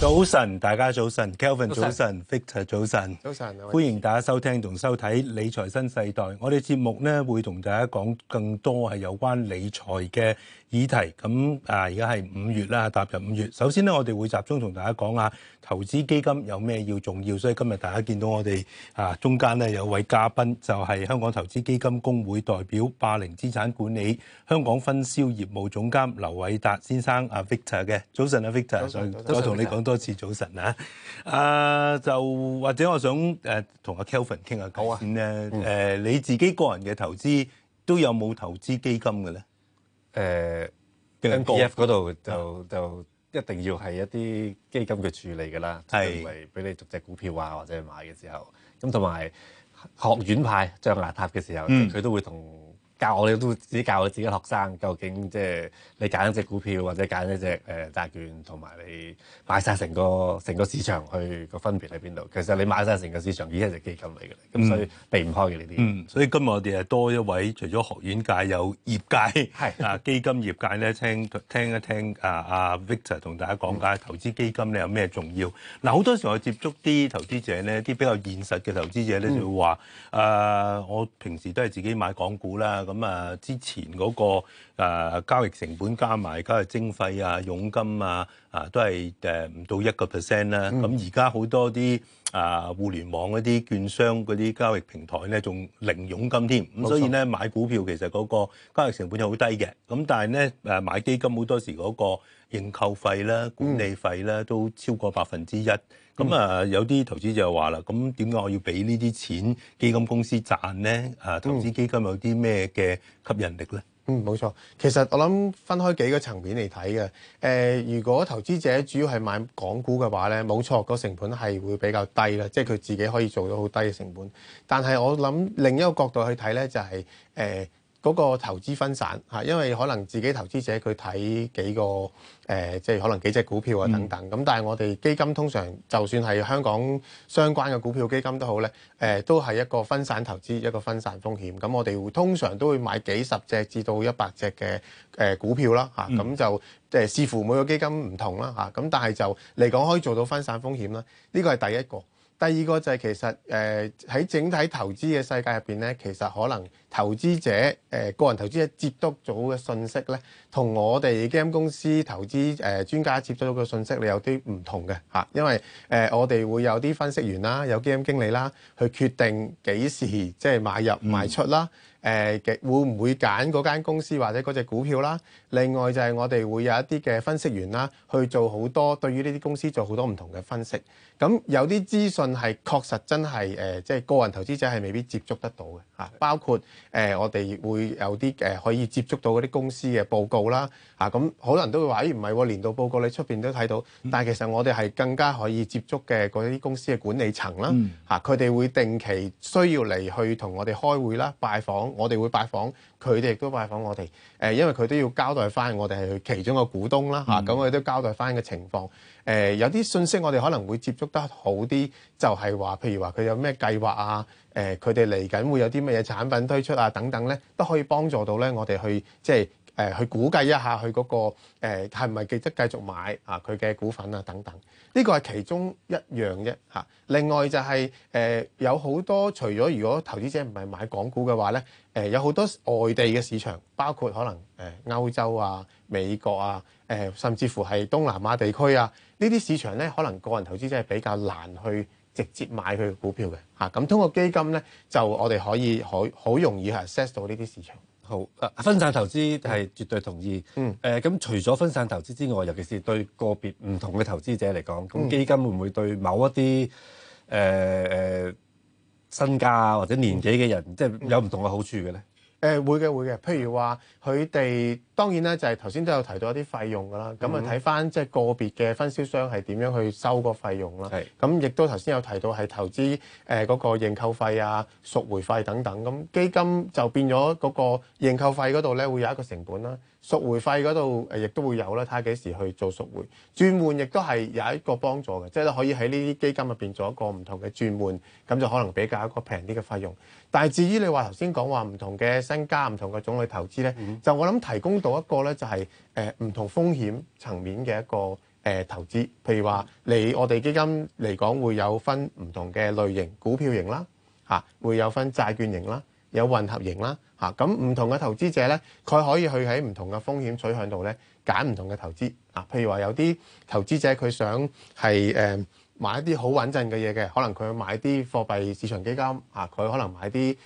早晨，大家早晨，Kelvin 早晨，早晨，Victor 早晨，早晨，歡迎大家收聽同收睇《理財新世代》。我哋節目咧會同大家講更多係有關理財嘅。議題咁啊，而家係五月啦，踏入五月。首先咧，我哋會集中同大家講下投資基金有咩要重要。所以今日大家見到我哋啊中間咧有位嘉賓，就係香港投資基金公會代表，霸菱資產管理香港分銷業務總監劉偉達先生啊 Victor 嘅。早晨啊 Victor，想再同你講多次早晨啊！啊，就或者我想誒同阿 Kelvin 傾下偈先咧。誒你自己個人嘅投資都有冇投資基金嘅咧？誒、呃，跟、P、F 嗰度就就一定要係一啲基金嘅處理㗎啦，即係唔係俾你逐隻股票啊，或者買嘅時候，咁同埋學院派象牙塔嘅時候，佢、嗯、都會同。教我哋都自己教我自己學生，究竟即係你揀一隻股票或者揀一隻誒債券，同埋你買曬成個成個市場去個分別喺邊度？其實你買曬成個市場已經係隻基金嚟㗎啦，咁所以避唔開嘅呢啲。嗯，所以今日我哋係多一位，除咗學院界有業界，係啊基金業界咧，聽聽一聽啊阿 Victor 同大家講解投資基金咧有咩重要。嗱好多時候我接觸啲投資者咧，啲比較現實嘅投資者咧就會話：誒我平時都係自己買港股啦。咁啊，之前嗰個交易成本加埋，交易徵費啊、傭金啊，啊都係誒唔到一個 percent 啦。咁而家好多啲啊互聯網啲券商嗰啲交易平台咧，仲零佣金添。咁冇錯。所以咧買股票其實嗰個交易成本係好低嘅。咁但係咧誒買基金好多時嗰個，認購費啦、管理費啦，都超過百分之一。咁啊，有啲投資者就話啦，咁點解我要俾呢啲錢基金公司賺呢？啊，投資基金有啲咩嘅吸引力呢？嗯，冇錯，其實我諗分開幾個層面嚟睇嘅。誒，如果投資者主要係買港股嘅話呢，冇錯，個成本係會比較低啦，即係佢自己可以做到好低嘅成本。但係我諗另一個角度去睇呢，就係誒。嗰個投資分散嚇，因為可能自己投資者佢睇幾個誒，即、呃、係、就是、可能幾隻股票啊等等。咁但係我哋基金通常，就算係香港相關嘅股票基金好、呃、都好咧，誒都係一個分散投資，一個分散風險。咁我哋通常都會買幾十隻至到一百隻嘅誒、呃、股票啦嚇，咁、啊、就誒視乎每個基金唔同啦嚇。咁、啊、但係就嚟講可以做到分散風險啦。呢、這個係第一個，第二個就係其實誒喺、呃、整體投資嘅世界入邊咧，其實可能。投資者誒個人投資者接觸到嘅信息咧，同我哋基金公司投資誒專家接觸到嘅信息，你有啲唔同嘅嚇，因為誒我哋會有啲分析員啦，有基金經理啦，去決定幾時即係買入賣出啦，誒會唔會揀嗰間公司或者嗰隻股票啦。另外就係我哋會有一啲嘅分析員啦，去做好多對於呢啲公司做好多唔同嘅分析。咁有啲資訊係確實真係誒，即係個人投資者係未必接觸得到嘅嚇，包括。誒、呃，我哋會有啲誒、呃，可以接觸到嗰啲公司嘅報告啦，嚇咁可能都會話，咦唔係年度報告你出面都睇到，但係其實我哋係更加可以接觸嘅嗰啲公司嘅管理層啦，嚇佢哋會定期需要嚟去同我哋開會啦，拜訪我哋會拜訪，佢哋亦都拜訪我哋，誒、啊、因為佢都要交代翻我哋係佢其中嘅股東啦，嚇咁佢都交代翻嘅情況。誒有啲信息我哋可能會接觸得好啲，就係話，譬如話佢有咩計劃啊，誒佢哋嚟緊會有啲乜嘢產品推出啊，等等咧，都可以幫助到咧我哋去即係誒、呃、去估計一下佢嗰、那個誒係咪記得繼續買啊佢嘅股份啊等等，呢、這個係其中一樣啫嚇、啊。另外就係、是、誒、呃、有好多除咗如果投資者唔係買港股嘅話咧。誒、呃、有好多外地嘅市場，包括可能誒、呃、歐洲啊、美國啊、誒、呃、甚至乎係東南亞地區啊，呢啲市場呢，可能個人投資者係比較難去直接買佢股票嘅嚇。咁、啊、通過基金呢，就我哋可以好好容易係 access 到呢啲市場。好、啊，分散投資係絕對同意。誒咁、嗯，呃、除咗分散投資之外，尤其是對個別唔同嘅投資者嚟講，咁基金會唔會對某一啲誒誒？呃呃身家或者年紀嘅人，即係有唔同嘅好處嘅咧。誒會嘅會嘅，譬如話佢哋當然咧就係頭先都有提到一啲費用噶啦，咁啊睇翻即係個別嘅分銷商係點樣去收個費用啦。咁亦都頭先有提到係投資誒嗰個認購費啊、贖回費等等，咁基金就變咗嗰個認購費嗰度咧會有一個成本啦。贖回費嗰度誒亦都會有啦，睇下幾時去做贖回轉換，亦都係有一個幫助嘅，即係可以喺呢啲基金入邊做一個唔同嘅轉換，咁就可能比較一個平啲嘅費用。但係至於你話頭先講話唔同嘅身家、唔同嘅種類投資呢，就我諗提供到一個呢，就係誒唔同風險層面嘅一個誒投資，譬如話你我哋基金嚟講會有分唔同嘅類型，股票型啦嚇，會有分債券型啦。有混合型啦，嚇咁唔同嘅投資者咧，佢可以去喺唔同嘅風險取向度咧，揀唔同嘅投資啊。譬如話有啲投資者佢想係誒買一啲好穩陣嘅嘢嘅，可能佢買啲貨幣市場基金啊，佢可能買啲誒、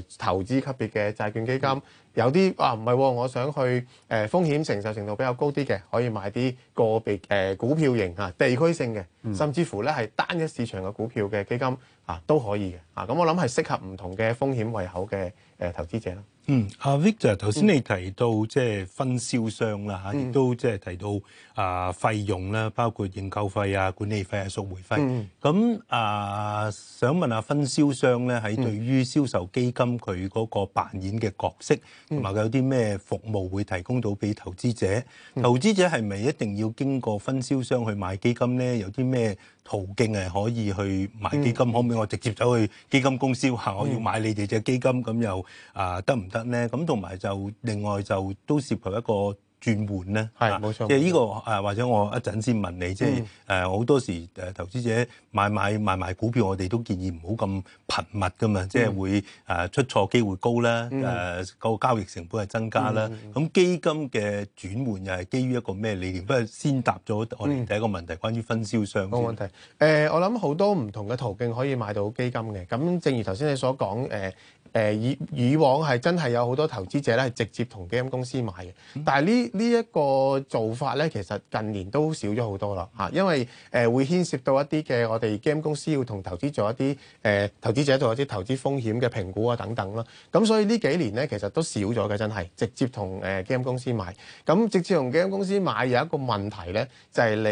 啊、投資級別嘅債券基金。嗯、有啲啊唔係，我想去誒、啊、風險承受程度比較高啲嘅，可以買啲個別誒、啊、股票型嚇、啊、地區性嘅，甚至乎咧係、嗯、單一市場嘅股票嘅基金啊都、啊啊、可以嘅。咁我諗係適合唔同嘅風險胃口嘅誒投資者咯。嗯，阿 Victor 頭先你提到即係分銷商啦嚇，亦都即係提到啊費用啦，包括認購費啊、管理費啊、贖回費。咁啊，想問下分銷商咧喺對於銷售基金佢嗰個扮演嘅角色，同埋佢有啲咩服務會提供到俾投資者？投資者係咪一定要經過分銷商去買基金咧？有啲咩途徑係可以去買基金？可唔可以我直接走去？基金公司話：我要買你哋嘅基金，咁又啊得唔得呢？咁同埋就另外就都涉及一個。轉換咧，係冇錯。即係呢個誒，冇錯、或者我一陣先問你，即係誒好多時誒投資者買買賣賣股票，我哋都建議唔好咁頻密噶嘛，嗯、即係會誒出錯機會高啦，誒個、嗯、交易成本係增加啦。咁、嗯、基金嘅轉換又係基於一個咩理念？不如先答咗我哋第一個問題，嗯、關於分銷商。冇問題誒、呃，我諗好多唔同嘅途徑可以買到基金嘅。咁正如頭先你所講誒。呃呃呃呃誒以以往係真係有好多投資者咧，係直接同基金公司買嘅。但係呢呢一個做法咧，其實近年都少咗好多啦吓，因為誒會牽涉到一啲嘅我哋基金公司要同投資做一啲誒、呃、投資者做一啲投資風險嘅評估啊等等咯。咁所以呢幾年咧，其實都少咗嘅，真係直接同誒基金公司買。咁直接同基金公司買有一個問題咧，就係、是、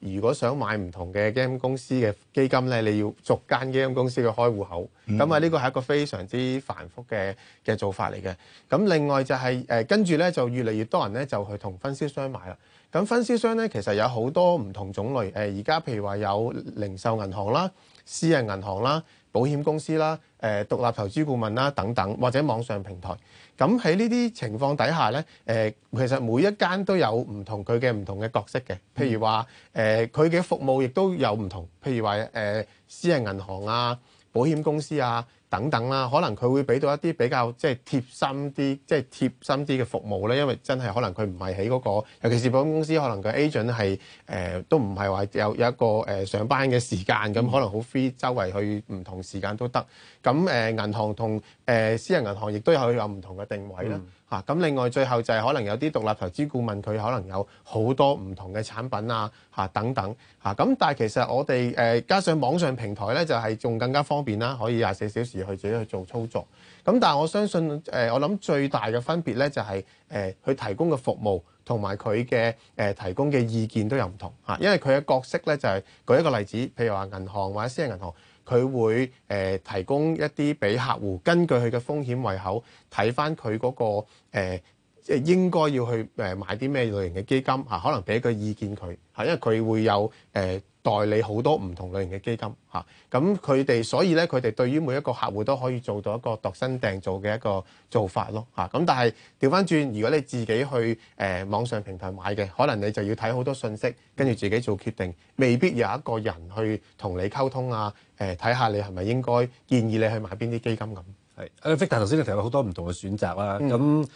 你如果想買唔同嘅基金公司嘅基金咧，你要逐間基金公司嘅開戶口。咁啊呢個係一個非常之繁複嘅嘅做法嚟嘅，咁另外就係誒跟住咧，就越嚟越多人咧就去同分銷商買啦。咁分銷商咧，其實有好多唔同種類。誒而家譬如話有零售銀行啦、私人銀行啦、保險公司啦、誒、呃、獨立投資顧問啦等等，或者網上平台。咁喺呢啲情況底下咧，誒、呃、其實每一間都有唔同佢嘅唔同嘅角色嘅。譬如話誒，佢、呃、嘅服務亦都有唔同。譬如話誒、呃，私人銀行啊、保險公司啊。等等啦，可能佢會俾到一啲比較即係貼心啲，即係貼心啲嘅服務啦，因為真係可能佢唔係喺嗰個，尤其是保險公司可能佢 agent 係誒、呃、都唔係話有有一個誒上班嘅時間咁，可能好 free，周圍去唔同時間都得。咁誒銀行同誒、呃、私人銀行亦都有有唔同嘅定位啦。嗯嚇，咁另外最後就係可能有啲獨立投資顧問，佢可能有好多唔同嘅產品啊，嚇等等，嚇，咁但係其實我哋誒加上網上平台咧就係仲更加方便啦，可以廿四小時去自己去做操作。咁但係我相信誒我諗最大嘅分別咧就係誒佢提供嘅服務同埋佢嘅誒提供嘅意見都有唔同，嚇，因為佢嘅角色咧就係舉一個例子，譬如話銀行或者私人銀行。佢會誒、呃、提供一啲俾客戶，根據佢嘅風險胃口睇返佢嗰個即係應該要去誒買啲咩類型嘅基金嚇、啊，可能俾個意見佢嚇、啊，因為佢會有誒、呃、代理好多唔同類型嘅基金嚇。咁佢哋所以咧，佢哋對於每一個客戶都可以做到一個度身訂造嘅一個做法咯嚇。咁、啊、但係調翻轉，如果你自己去誒、呃、網上平台買嘅，可能你就要睇好多信息，跟住自己做決定，未必有一個人去同你溝通啊。誒、呃，睇下你係咪應該建議你去買邊啲基金咁係。阿 Victor 頭先你提過好多唔同嘅選擇啦，咁、嗯。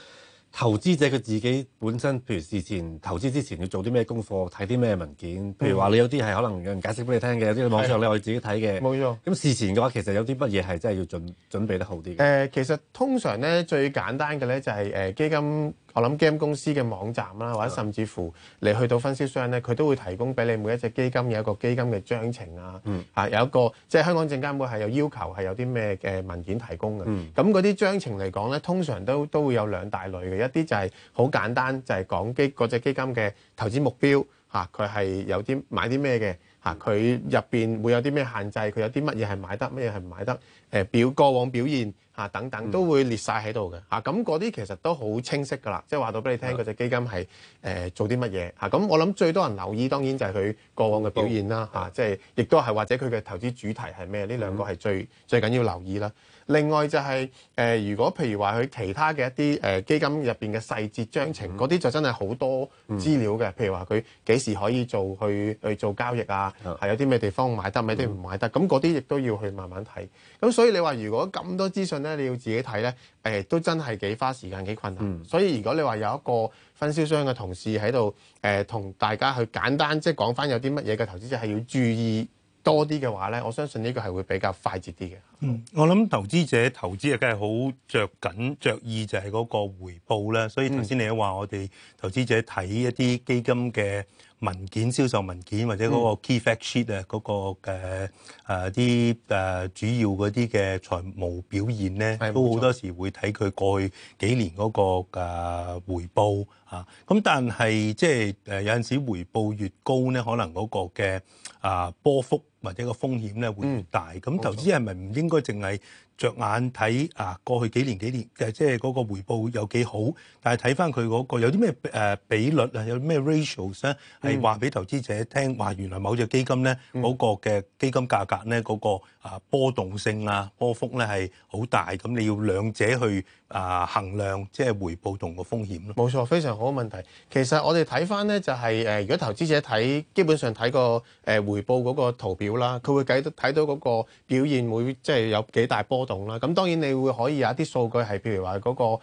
投資者佢自己本身，譬如事前投資之前要做啲咩功課，睇啲咩文件？譬如話你有啲係可能有人解釋俾你聽嘅，有啲網上你可以自己睇嘅。冇錯。咁事前嘅話，其實有啲乜嘢係真係要準準備得好啲？呃，其實通常呢最簡單嘅呢就係，是呃，基金。我諗基金公司嘅網站啦，或者甚至乎你去到分銷商咧，佢都會提供俾你每一隻基金有一個基金嘅章程啊，嚇、嗯、有一個即係、就是、香港證監會係有要求係有啲咩嘅文件提供嘅。咁嗰啲章程嚟講咧，通常都都會有兩大類嘅，一啲就係好簡單，就係講基嗰隻基金嘅投資目標嚇，佢係有啲買啲咩嘅嚇，佢入邊會有啲咩限制，佢有啲乜嘢係買得，乜嘢係唔買得，誒表過往表現。嚇等等都會列晒喺度嘅嚇，咁嗰啲其實都好清晰㗎啦，即係話到俾你聽，嗰隻是的 基金係誒、呃、做啲乜嘢嚇，咁、啊、我諗最多人留意當然就係佢過往嘅表現啦嚇，即係亦都係或者佢嘅投資主題係咩？呢兩個係最、嗯、最緊要留意啦。另外就係、是、誒、呃，如果譬如話佢其他嘅一啲誒、呃、基金入邊嘅細節章程，嗰啲、嗯、就真係好多資料嘅，譬如話佢幾時可以做去去做交易啊？係、嗯啊、有啲咩地方買得，咪啲唔買得，咁嗰啲亦都要去慢慢睇。咁所以你話如果咁多資訊，咧你要自己睇咧，誒、呃、都真係幾花時間幾困難。嗯、所以如果你話有一個分銷商嘅同事喺度誒，同大家去簡單即係講翻有啲乜嘢嘅投資者係要注意多啲嘅話咧，我相信呢個係會比較快捷啲嘅。嗯，我諗投資者投資啊，梗係好着緊着意，就係嗰個回報啦。所以頭先你都話，我哋投資者睇一啲基金嘅文件銷售文件或者嗰個 key fact sheet 啊，嗰個嘅啊啲誒主要嗰啲嘅財務表現咧，嗯、都好多時會睇佢過去幾年嗰個嘅回報啊。咁但係即係誒有陣時回報越高咧，可能嗰個嘅啊波幅或者個風險咧會越大。咁投資係咪唔應該淨係着眼睇啊，過去幾年幾年誒，即係嗰個回報有幾好，但係睇翻佢嗰個有啲咩誒比率啊，有啲咩 ratios 咧，係話俾投資者聽，話原來某隻基金咧嗰個嘅基金價格咧嗰個啊波動性啊波幅咧係好大，咁你要兩者去啊衡量，即係回報同個風險咯。冇錯，非常好嘅問題。其實我哋睇翻咧就係誒，如果投資者睇基本上睇個誒回報嗰個圖表啦，佢會計到睇到嗰個表現會即係有幾大波動。啦，咁當然你會可以有一啲數據係，譬如話嗰個誒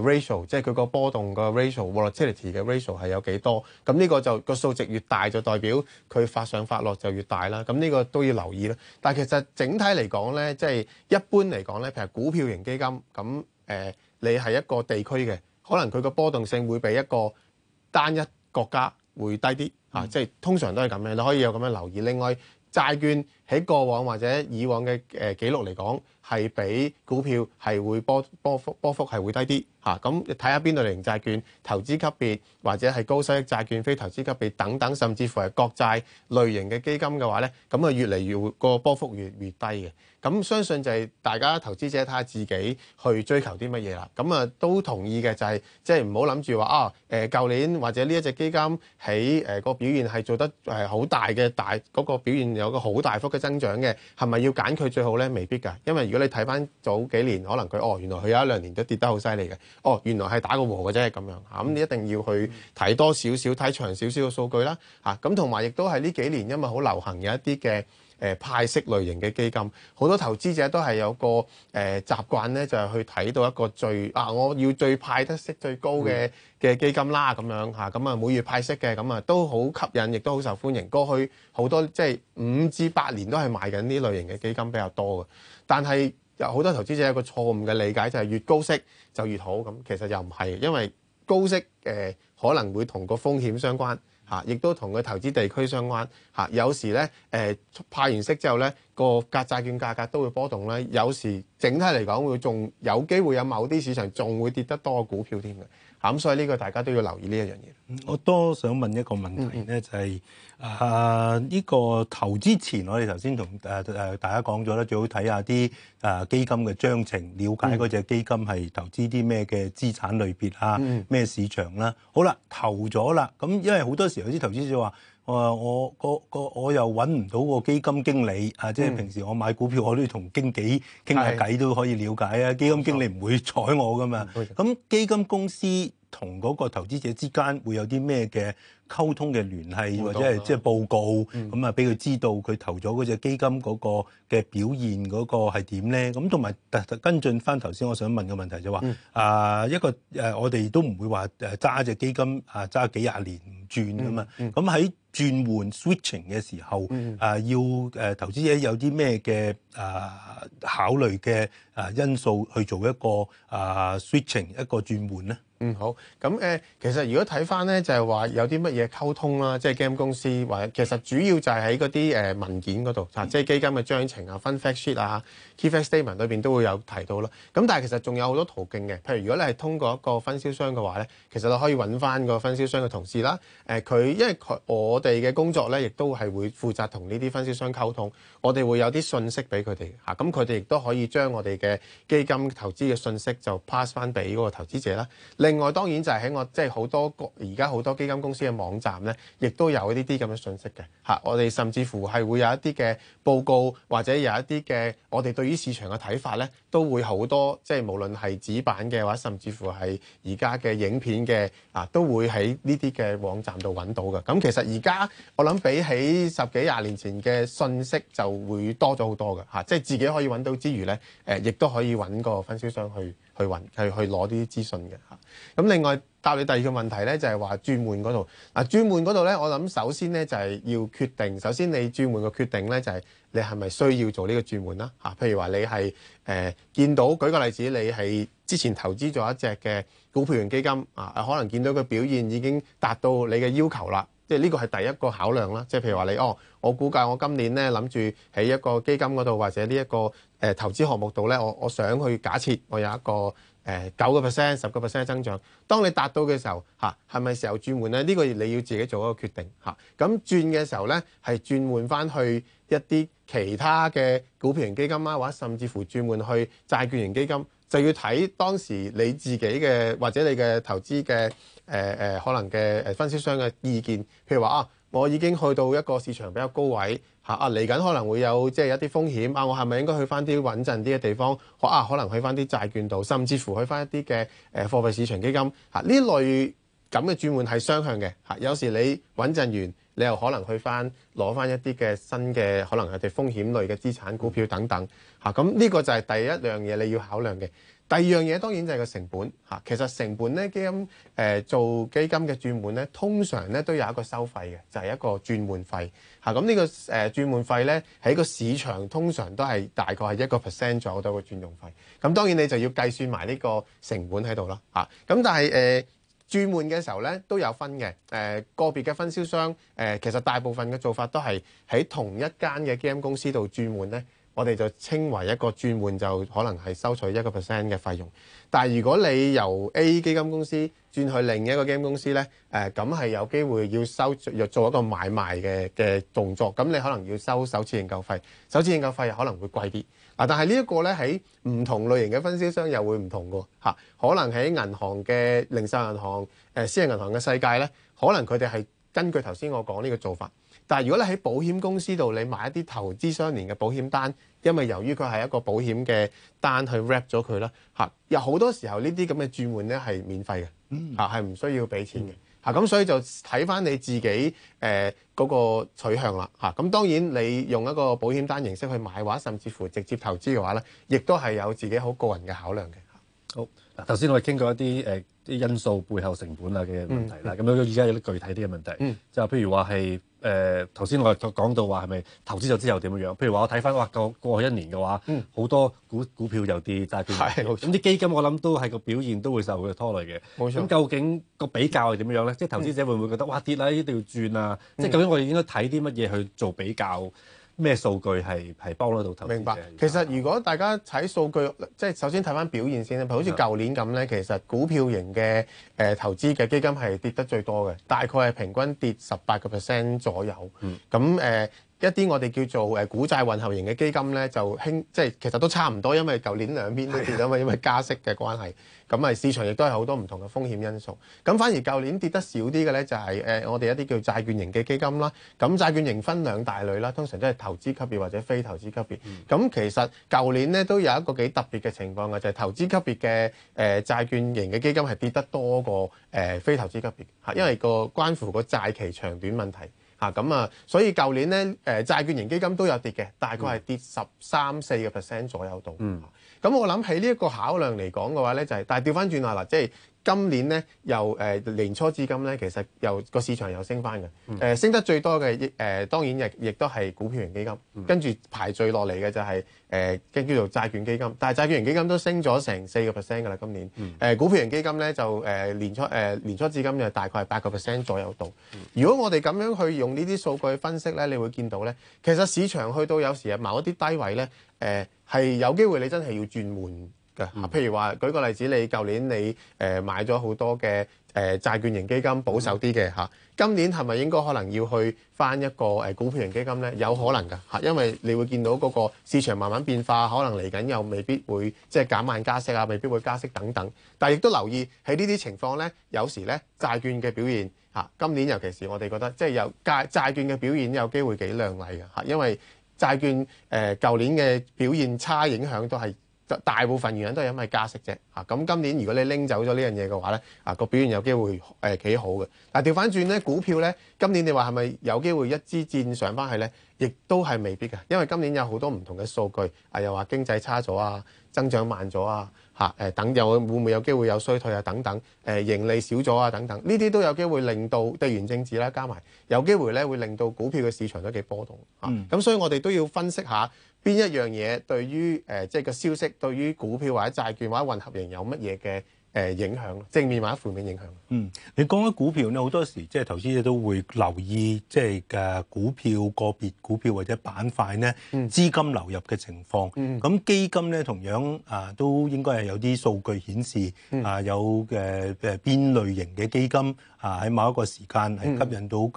ratio，即係佢個波動個 ratio volatility 嘅 ratio 係有幾多，咁呢個就個數值越大就代表佢發上發落就越大啦，咁呢個都要留意啦。但係其實整體嚟講咧，即係一般嚟講咧，譬如股票型基金咁，誒，你係一個地區嘅，可能佢個波動性會比一個單一國家會低啲嚇，即係、嗯啊就是、通常都係咁樣，你可以有咁樣留意。另外債券喺過往或者以往嘅誒記錄嚟講，係比股票係會波波幅波幅係會低啲。嚇，咁你睇下邊類型債券，投資級別或者係高收益債券、非投資級別等等，甚至乎係國債類型嘅基金嘅話咧，咁啊越嚟越個波幅越越低嘅。咁相信就係大家投資者睇下自己去追求啲乜嘢啦。咁啊都同意嘅就係即係唔好諗住話啊誒舊年或者呢一隻基金喺誒個表現係做得誒好大嘅大嗰個表現有個好大幅嘅增長嘅，係咪要揀佢最好咧？未必㗎，因為如果你睇翻早幾年，可能佢哦原來佢有一兩年都跌得好犀利嘅。哦，原來係打個和嘅啫，咁樣嚇，咁、嗯、你一定要去睇多少少、睇長少少嘅數據啦嚇，咁同埋亦都係呢幾年因為好流行有一啲嘅誒派息類型嘅基金，好多投資者都係有個誒習慣咧，就係、是、去睇到一個最啊，我要最派得息最高嘅嘅、嗯、基金啦咁樣嚇，咁啊每月派息嘅咁啊都好吸引，亦都好受歡迎。過去好多即係五至八年都係賣緊呢類型嘅基金比較多嘅，但係。有好多投資者有一個錯誤嘅理解就係、是、越高息就越好咁，其實又唔係，因為高息誒可能會同個風險相關嚇，亦都同個投資地區相關嚇。有時咧誒派完息之後咧，個隔債券價格都會波動咧。有時整體嚟講會仲有機會有某啲市場仲會跌得多股票添嘅。咁所以呢個大家都要留意呢一樣嘢。我多想問一個問題咧，就係啊呢個投資前，我哋頭先同誒誒大家講咗啦，最好睇下啲啊基金嘅章程，了解嗰隻基金係投資啲咩嘅資產類別啊，咩市場啦。嗯、好啦，投咗啦，咁因為好多時候有啲投資者話。我，我，我又揾唔到個基金經理啊！即係平時我買股票我都要同經紀傾下偈都可以了解啊！基金經理唔會睬我㗎嘛，咁基金公司。同嗰個投資者之間會有啲咩嘅溝通嘅聯繫，或者係即係報告咁啊，俾佢、嗯、知道佢投咗嗰隻基金嗰個嘅表現嗰個係點咧？咁同埋跟進翻頭先我想問嘅問題就話、是嗯、啊，一個誒、啊，我哋都唔會話誒揸隻基金啊揸幾廿年唔轉噶嘛。咁喺、嗯嗯啊、轉換 switching 嘅時候啊，要誒投資者有啲咩嘅啊考慮嘅啊因素去做一個啊 switching 一個轉換咧？嗯好，咁、嗯、誒，其實如果睇翻咧，就係、是、話有啲乜嘢溝通啦，即係基金公司或者其實主要就係喺嗰啲誒文件嗰度，啊，即係基金嘅章程啊、分 fact sheet 啊、key fact statement 裏邊都會有提到啦。咁、啊、但係其實仲有好多途徑嘅，譬如如果你係通過一個分銷商嘅話咧，其實你可以揾翻個分銷商嘅同事啦。誒、啊，佢因為佢我哋嘅工作咧，亦都係會負責同呢啲分銷商溝通，我哋會有啲信息俾佢哋吓，咁佢哋亦都可以將我哋嘅基金投資嘅信息就 pass 翻俾嗰個投資者啦，令、啊。另另外當然就係喺我即係好多個而家好多基金公司嘅網站咧，亦都有一啲啲咁嘅信息嘅吓。我哋甚至乎係會有一啲嘅報告，或者有一啲嘅我哋對於市場嘅睇法咧。都會好多，即係無論係紙版嘅或者甚至乎係而家嘅影片嘅啊，都會喺呢啲嘅網站度揾到嘅。咁其實而家我諗比起十幾廿年前嘅信息就會多咗好多嘅吓，即係自己可以揾到之餘咧，誒亦都可以揾個分銷商去去揾去去攞啲資訊嘅吓。咁，啊，另外，答你第二個問題咧，就係話轉換嗰度。啊，轉換嗰度咧，我諗首先咧就係要決定。首先你轉換個決定咧，就係你係咪需要做呢個轉換啦？嚇，譬如話你係誒見到，舉個例子，你係之前投資咗一隻嘅股票型基金啊，可能見到佢表現已經達到你嘅要求啦。即係呢個係第一個考量啦。即係譬如話你哦，我估計我今年咧諗住喺一個基金嗰度或者、呃、呢一個誒投資項目度咧，我我想去假設我有一個。誒九個 percent、十個 percent 增長，當你達到嘅時候，嚇係咪時候轉換咧？呢個你要自己做一個決定嚇。咁轉嘅時候咧，係轉換翻去一啲其他嘅股票型基金啊，或者甚至乎轉換去債券型基金，就要睇當時你自己嘅或者你嘅投資嘅誒誒可能嘅誒分銷商嘅意見。譬如話啊，我已經去到一個市場比較高位。嚇啊！嚟緊可能會有即係一啲風險啊！我係咪應該去翻啲穩陣啲嘅地方？啊，可能去翻啲債券度，甚至乎去翻一啲嘅誒貨幣市場基金嚇呢、啊、類咁嘅轉換係雙向嘅嚇、啊。有時你穩陣完，你又可能去翻攞翻一啲嘅新嘅可能係啲風險類嘅資產股票等等嚇。咁、啊、呢、啊這個就係第一樣嘢你要考量嘅。第二樣嘢當然就係個成本嚇，其實成本咧基金誒、呃、做基金嘅轉換咧，通常咧都有一個收費嘅，就係、是、一個轉換費嚇。咁、啊這個呃、呢個誒轉換費咧喺個市場通常都係大概係一個 percent 左右多嘅轉用費。咁、啊、當然你就要計算埋呢個成本喺度啦嚇。咁、啊、但係誒轉換嘅時候咧都有分嘅誒、呃、個別嘅分銷商誒、呃，其實大部分嘅做法都係喺同一間嘅基金公司度轉換咧。我哋就稱為一個轉換，就可能係收取一個 percent 嘅費用。但係如果你由 A 基金公司轉去另一個基金公司呢，誒咁係有機會要收要做一個買賣嘅嘅動作。咁你可能要收首次認購費，首次認購費可能會貴啲。啊，但係呢一個呢喺唔同類型嘅分銷商又會唔同㗎吓，可能喺銀行嘅零售銀行、誒私人銀行嘅世界呢，可能佢哋係根據頭先我講呢個做法。但係，如果你喺保險公司度，你買一啲投資相連嘅保險單，因為由於佢係一個保險嘅單去 wrap 咗佢啦，嚇，有好多時候呢啲咁嘅轉換咧係免費嘅，嚇係唔需要俾錢嘅，嚇咁、嗯、所以就睇翻你自己誒嗰、呃嗰個取向啦，嚇、啊、咁當然你用一個保險單形式去買話，甚至乎直接投資嘅話咧，亦都係有自己好個人嘅考量嘅。好，嗱頭先我哋傾過一啲誒啲因素背後成本啊嘅問題啦，咁樣而家有啲具體啲嘅問題，就譬如話係。誒頭先我講到話係咪投資咗之後點樣樣？譬如話我睇翻，哇過過去一年嘅話，好、嗯、多股股票有啲大跌，咁啲、嗯、基金我諗都係個表現都會受佢拖累嘅。咁冇錯究竟個比較係點樣咧？嗯、即係投資者會唔會覺得哇跌啦一定要轉啊？嗯、即係究竟我哋應該睇啲乜嘢去做比較？咩數據係係幫到到投資？明白。其實如果大家睇數據，即係首先睇翻表現先啦。譬如好似舊年咁咧，其實股票型嘅誒、呃、投資嘅基金係跌得最多嘅，大概係平均跌十八個 percent 左右。嗯。咁、呃、誒。一啲我哋叫做誒股債混合型嘅基金咧，就輕即係其實都差唔多，因為舊年兩邊都跌咗，是的 因為加息嘅關係。咁啊，市場亦都係好多唔同嘅風險因素。咁反而舊年跌得少啲嘅咧，就係誒我哋一啲叫債券型嘅基金啦。咁債券型分兩大類啦，通常都係投資級別或者非投資級別。咁、嗯、其實舊年咧都有一個幾特別嘅情況嘅，就係、是、投資級別嘅誒、呃、債券型嘅基金係跌得多過誒、呃、非投資級別嚇，因為個關乎個債期長短問題。啊，咁啊，所以舊年咧，誒、呃、債券型基金都有跌嘅，大概係跌十三四個 percent 左右度。嗯、啊，咁我諗起呢一個考量嚟講嘅話咧，就係、是，但係調翻轉話嗱，即係。今年咧，由誒年初至今咧，其實由個市場又升翻嘅、嗯，誒升得最多嘅誒當然亦亦都係股票型基金、嗯，跟住排序落嚟嘅就係、是、誒、呃、叫做債券基金，但係債券型基金都升咗成四個 percent 噶啦，今年誒、嗯、股票型基金咧就誒年初誒、呃、年初至今就大概係八個 percent 左右度。嗯、如果我哋咁樣去用呢啲數據分析咧，你會見到咧，其實市場去到有時某一啲低位咧，誒、呃、係有機會你真係要轉換。嗯、譬如話，舉個例子，你舊年你誒買咗好多嘅誒債券型基金，保守啲嘅嚇，今年係咪應該可能要去翻一個誒股票型基金呢？有可能噶嚇，因為你會見到嗰個市場慢慢變化，可能嚟緊又未必會即係減慢加息啊，未必會加息等等。但係亦都留意喺呢啲情況呢，有時呢，債券嘅表現嚇，今年尤其是我哋覺得即係有債債券嘅表現有機會幾亮麗嘅嚇，因為債券誒舊年嘅表現差影響都係。就大部分原因都係因為加息啫，嚇、啊、咁今年如果你拎走咗呢樣嘢嘅話咧，啊個表現有機會誒幾好嘅。但係調返轉咧，股票咧今年你話係咪有機會一支箭上翻去咧，亦都係未必嘅，因為今年有好多唔同嘅數據，啊又話經濟差咗啊，增長慢咗啊，嚇、啊、誒等有會唔會有機會有衰退啊等等，誒、啊、盈利少咗啊等等，呢啲都有機會令到地緣政治啦加埋有機會咧會令到股票嘅市場都幾波動嚇，咁、啊嗯、所以我哋都要分析下。邊一樣嘢對於誒、呃、即係個消息對於股票或者債券或者混合型有乜嘢嘅誒影響？正面或者負面影響？嗯，你講緊股票咧，好多時即係投資者都會留意即係嘅、啊、股票個別股票或者板塊咧資金流入嘅情況。咁、嗯、基金咧同樣啊，都應該係有啲數據顯示、嗯、啊，有嘅誒邊類型嘅基金。啊！喺某一個時間係吸引到誒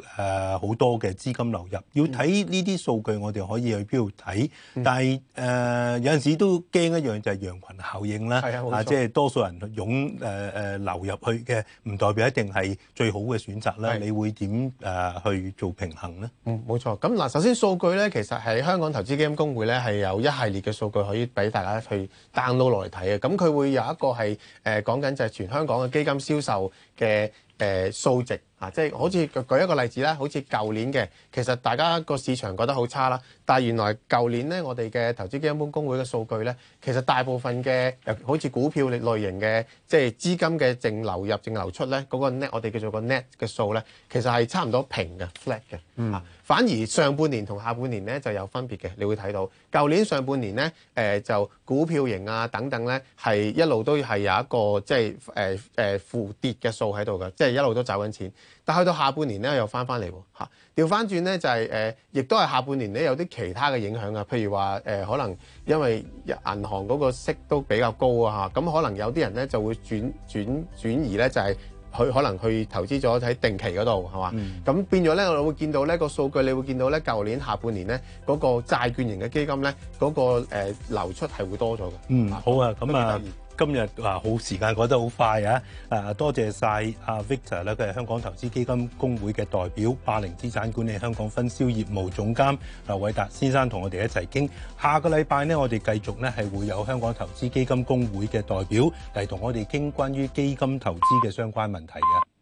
好多嘅資金流入，要睇呢啲數據，我哋可以去邊度睇？但係誒有陣時都驚一樣就係羊羣效應啦，係啊，即係多數人湧誒誒流入去嘅，唔代表一定係最好嘅選擇啦。你會點誒去做平衡咧？嗯，冇錯。咁嗱，首先數據咧，其實係香港投資基金公會咧係有一系列嘅數據可以俾大家去 download 落嚟睇嘅。咁佢會有一個係誒講緊就係全香港嘅基金銷售嘅。誒數、呃、值。啊，即係好似舉一個例子啦，好似舊年嘅，其實大家個市場覺得好差啦，但係原來舊年咧，我哋嘅投資基金公會嘅數據咧，其實大部分嘅好似股票類型嘅，即係資金嘅淨流入淨流出咧，嗰、那個 net，我哋叫做個 net 嘅數咧，其實係差唔多平嘅 flat 嘅，啊、嗯，反而上半年同下半年咧就有分別嘅，你會睇到舊年上半年咧，誒、呃、就股票型啊等等咧係一路都係有一個即係誒誒負跌嘅數喺度嘅，即、就、係、是、一路都賺緊錢。但去到下半年咧，又翻翻嚟喎嚇。調翻轉咧，就係誒，亦都係下半年咧有啲其他嘅影響啊。譬如話誒、呃，可能因為銀行嗰個息，息都比較高啊，嚇，咁可能有啲人咧就會轉轉轉移咧、就係，就係佢可能去投資咗喺定期嗰度，係嘛？咁、嗯、變咗咧，我哋會見到咧、嗰個數據，你會見到咧舊年下半年咧嗰個債券型嘅基金咧嗰、嗰個、呃、流出係會多咗嘅。嗯，係嘛？好啊，咁啊。今日啊，好時間過得好快啊！誒，多謝晒阿、啊、Victor 咧，佢係香港投資基金公會嘅代表，霸菱資產管理香港分銷業務總監劉偉達先生同我哋一齊傾。下個禮拜咧，我哋繼續咧係會有香港投資基金公會嘅代表嚟同我哋傾關於基金投資嘅相關問題嘅。